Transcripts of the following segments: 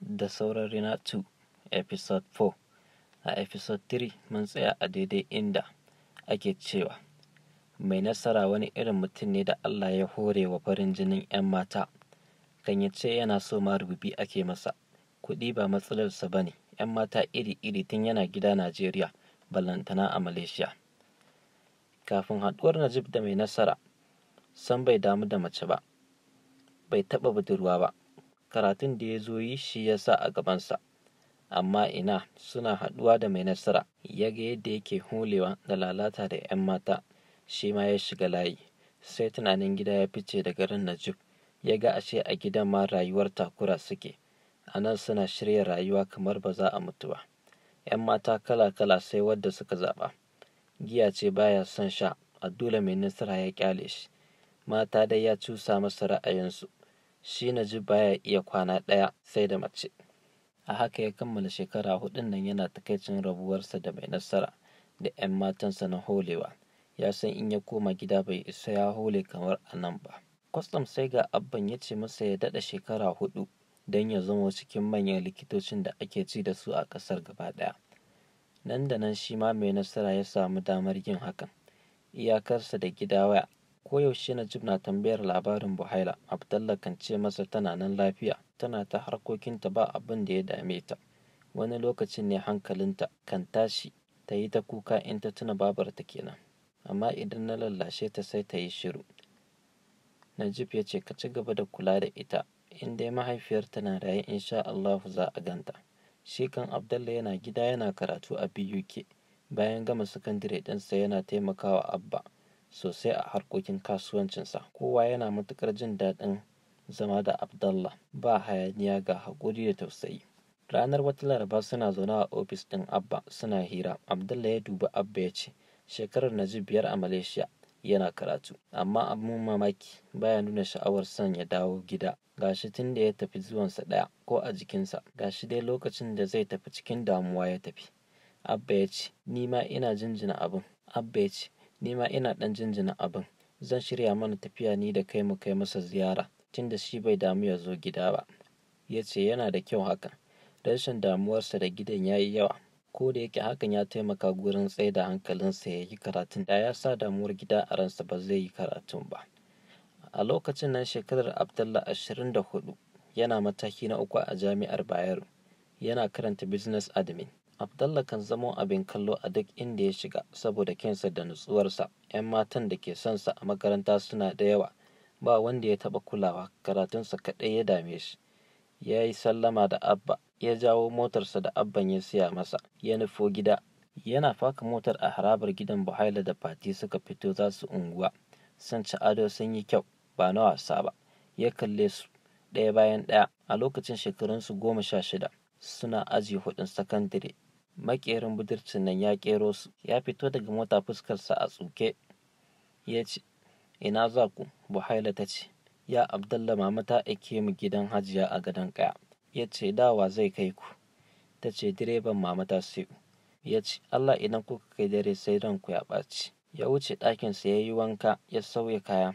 da Saurari na 2 Episode 4 a Episode 3 mun tsaya a daidai inda ake cewa mai nasara wani irin mutum ne da Allah ya hore wa farin jinin 'yan mata kan ya ce yana so ma rubi ake masa kuɗi ba matsalarsa ba ne 'yan mata iri-iri tun yana gida Najeriya ballantana a Malaysia kafin haɗuwar Najib da mai nasara san bai damu da mace ba bai taɓa budurwa ba karatun da ya zo yi shi ya sa a gabansa amma ina suna haɗuwa da mai nasara ya ga yadda yake hulewa da lalata da 'yan mata shi ma ya shiga layi sai tunanin gida ya fice da garin najib ya ga ashe a gidan ma rayuwar takura suke Anan suna shirya rayuwa kamar ba za a mutuwa ba 'yan mata kala-kala sai wadda suka zaɓa giya ce baya son sha a dole mai nasara ya kyale shi mata dai ya cusa masa ra'ayinsu shi ba baya iya kwana ɗaya sai da mace. A haka ya kammala shekara hudun nan yana takaicin rabuwarsa da mai nasara da 'yan matansa na holewa. Ya san in ya koma gida bai isa ya hole kamar a nan ba. Kwastam sai ga abban ya ce masa ya daɗa shekara hudu don ya zama cikin manyan likitocin da ake ci da su a ƙasar gaba ɗaya. Nan da nan shi ma mai nasara ya samu damar yin hakan. Iyakarsa da gida waya Koyaushe Najib na tambayar labarin Buhaila, abdullah kan ce masa tana nan lafiya, tana ta harkokinta ba abin da ya dame ta. Wani lokacin ne hankalinta kan tashi ta yi ta kuka in ta tuna babarta kenan, amma idan na lallashe ta sai ta yi shiru. Najib ya ce ka ci gaba da kula da ita, in dai mahaifiyarta na raye in sha allah za a ganta. Shi kan Abdallah yana gida yana karatu a BUK, bayan gama sakandire ɗinsa yana taimakawa Abba. sosai a harkokin kasuwancinsa kowa yana matukar jin daɗin zama da abdallah ba hayaniya ga haƙuri da tausayi ranar wata laraba suna zaune a ofis ɗin abba suna hira abdallah ya dubi abba ya ce shekarar na ji biyar a malaysia yana karatu amma abin mamaki baya nuna sha'awar son ya dawo gida gashi tun da ya tafi zuwansa ɗaya ko a jikinsa gashi dai lokacin da zai tafi cikin damuwa ya tafi abba ya ce ni ma ina jinjina abin abba ya ce Ni ma ina ɗan jinjina abin. Zan shirya mana tafiya ni da kai mu kai masa ziyara, tunda shi bai damu ya zo gida ba. Ya ce yana da kyau hakan. Rashin damuwarsa da gidan ya yi yawa. Ko da yake hakan ya taimaka gurin da hankalinsa ya yi karatun, da ya sa damuwar gida a ransa ba zai yi karatun ba. A lokacin nan shekarar abdullah ashirin da hudu, yana mataki na uku a jami'ar Bayero. Yana karanta Business Admin. Abdallah kan zamo abin kallo a duk inda ya shiga saboda kyansa da nutsuwarsa, 'yan matan da ke son sa a makaranta suna da yawa, ba wanda ya taɓa kulawa, karatunsa kaɗai ya dame shi. Ya yi sallama da Abba, ya jawo motarsa da Abban ya siya masa, ya nufo gida. Yana faka motar a harabar gidan Buhaila da Fati suka fito za su unguwa. Sun ci ado sun yi kyau, ba na wasa ba. Ya kalle su ɗaya bayan ɗaya a lokacin shekarunsu goma sha shida. Suna aji hudun sakandare maƙerin budurcin nan ya kero su ya fito daga mota fuskarsa a tsuke ya ce ina za ku buhaila ta ce ya abdalla mama ta aike mu gidan hajiya a gadon kaya ya ce dawa zai kai ku ta ce direban mama ta siyo ya ce allah idan kuka kai dare sai ku ya ɓaci ya wuce ɗakinsa ya yi wanka ya sauya kaya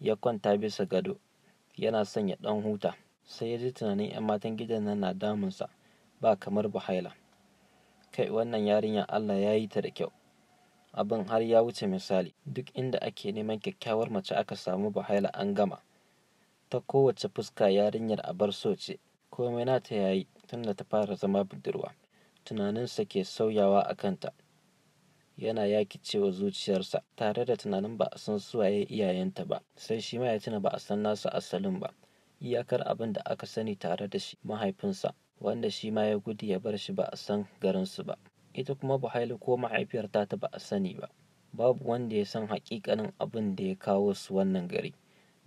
ya kwanta bisa gado yana son ya ɗan huta sai ya ji tunanin 'yan matan gidan nan na damunsa ba kamar buhaila kai wannan yarinyar Allah ya yi ta da kyau abin har ya wuce misali duk inda ake neman kyakkyawar mace aka samu bahaila an gama ta kowace fuska yarinyar a bar so ce komai ta yayi tun da ta fara zama budurwa tunaninsa ke sauyawa a kanta yana yaki cewa zuciyarsa tare da tunanin ba a san suwaye iyayenta ba sai shi ma ya tuna ba a san nasa asalin ba iyakar abin da aka sani tare da shi mahaifinsa wanda shi ma ya gudu ya bar shi ba a san garinsu ba ita kuma buhaili ko mahaifiyarta ta ba a sani ba babu wanda ya san hakikanin abin da ya kawo su wannan gari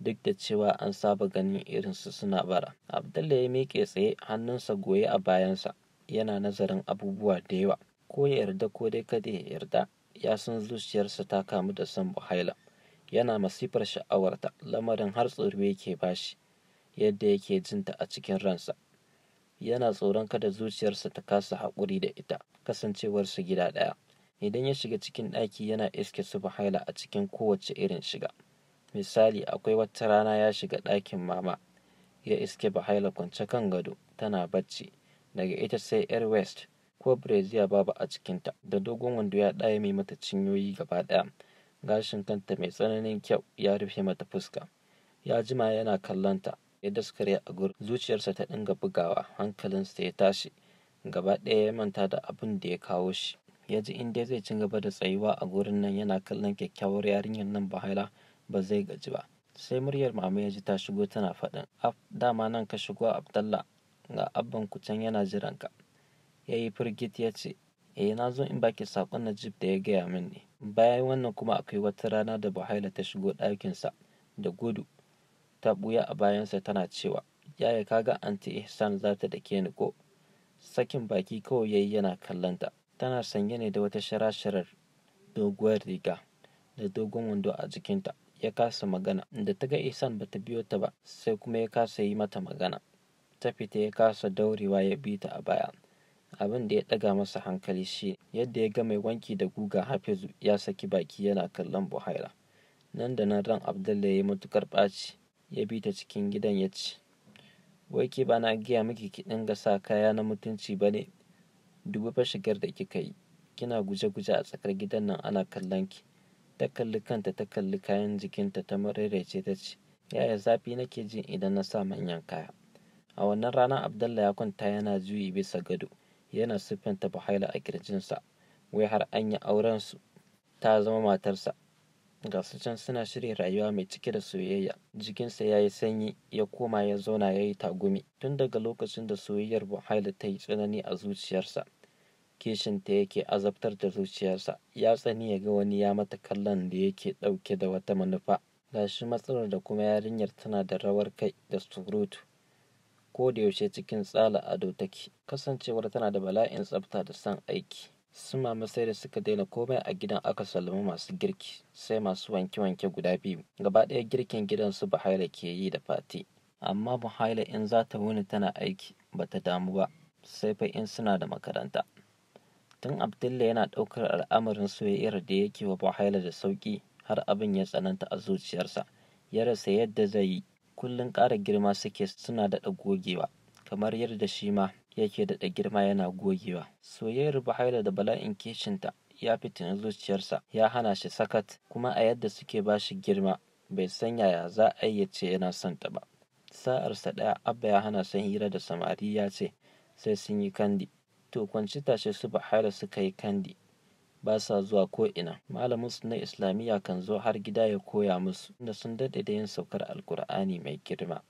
duk da cewa an saba ganin irin su suna bara abdullahi ya miƙe tsaye hannunsa goye a bayansa yana nazarin abubuwa da yawa ko ya yarda ko dai kada ya yarda ya san zuciyarsa ta kamu da san buhaila yana masifar sha'awarta lamarin har tsoro yake bashi yadda yake jinta a cikin ransa yana tsoron kada zuciyarsa ta kasa haƙuri da ita kasancewarsu gida ɗaya idan ya shiga cikin ɗaki yana iske su bahaila a cikin kowace irin shiga misali akwai wata rana ya shiga ɗakin mama ya iske bahaila kwance kan gado tana bacci daga ita sai air west ko brazil babu a cikinta da dogon wando ya ɗaya mai mata cinyoyi gaba ɗaya gashin kanta mai tsananin kyau ya rufe mata fuska ya jima yana kallonta ya daskare a gurin zuciyarsa ta dinga bugawa hankalinsa ya tashi gaba ɗaya ya manta da abin da ya kawo shi ya ji in dai zai ci gaba da tsayuwa a gurin nan yana kallon kyakkyawar yarinyar nan bahaila ba zai gaji ba sai muryar mama ya ji ta shigo tana faɗin af dama nan ka shigo abdallah ga abban ku can yana jiran ka ya yi firgit ya ce eh na zo in baki saƙon najib da ya gaya min ne bayan wannan kuma akwai wata rana da bahaila ta shigo ɗakinsa da gudu ta ɓuya a bayansa tana cewa yaya kaga anti ihsan za ta dake ni ko sakin baki kawai yayi yana kallonta tana sanye ne da wata sharasharar doguwar riga da dogon wando a jikinta ya kasa magana inda ta ga ihsan ta biyo ta ba sai kuma ya kasa yi mata magana ta fita ya kasa daurewa ya bi ta a baya abin da ya ɗaga masa hankali shi yadda ya ga mai wanki da guga hafizu ya saki baki yana kallon buhaira nan da nan ran abdullahi ya yi matukar ɓaci ya bi ta cikin gidan ya ci wai ke ba na gaya miki ki dinga sa kaya na mutunci ba ne dubi fa shigar da kika yi kina guje-guje a tsakar gidan nan ana kallon ki ta kalli kanta ta kalli kayan jikinta ta mararece ta ci. yaya zafi nake jin idan na sa manyan kaya a wannan rana abdalla ya kwanta yana juyi bisa gado yana siffanta bahaila a kirjinsa wai har an yi auren su ta zama matarsa ga su can suna shirya rayuwa mai cike da soyayya jikinsa ya yi sanyi ya koma ya zauna ya yi tagumi tun daga lokacin da soyayyar buhari ta yi tsanani a zuciyarsa kishinta yake azabtar da zuciyarsa ya tsani ya ga wani ya mata kallon da yake ɗauke da wata manufa shi matsalar da kuma yarinyar tana da rawar kai da surutu ko da yaushe cikin tsala ado take kasancewar tana da bala'in tsafta da son aiki su mama sai da suka daina komai a gidan aka sallami masu girki sai masu wanke-wanke guda biyu gaba ɗaya girkin gidan su bahaila ke yi da fati amma buhaila in za ta wuni tana aiki ba ta damu ba sai fa in suna da makaranta tun abdulla yana ɗaukar al'amarin soyayyar da yake wa buhaila da sauƙi har abin ya tsananta a zuciyarsa ya rasa yadda zai yi kullum ƙara girma suke suna da gogewa kamar yadda shi ma yake da girma yana gogewa. Soyayyar Bahaira da bala'in kishinta ya fitina zuciyarsa, ya hana shi sakat, kuma a yadda suke ba shi girma, bai san yaya za a yi ce yana son ta ba. Sa'arsa daya Abba ya hana son hira da samari ya ce, sai sun yi kandi. To kwanci tashe su Bahaira suka yi kandi, ba sa zuwa ina. Malamin su na Islamiyya kan zo har gida ya koya musu, inda sun daɗe da yin saukar Alkur'ani mai girma.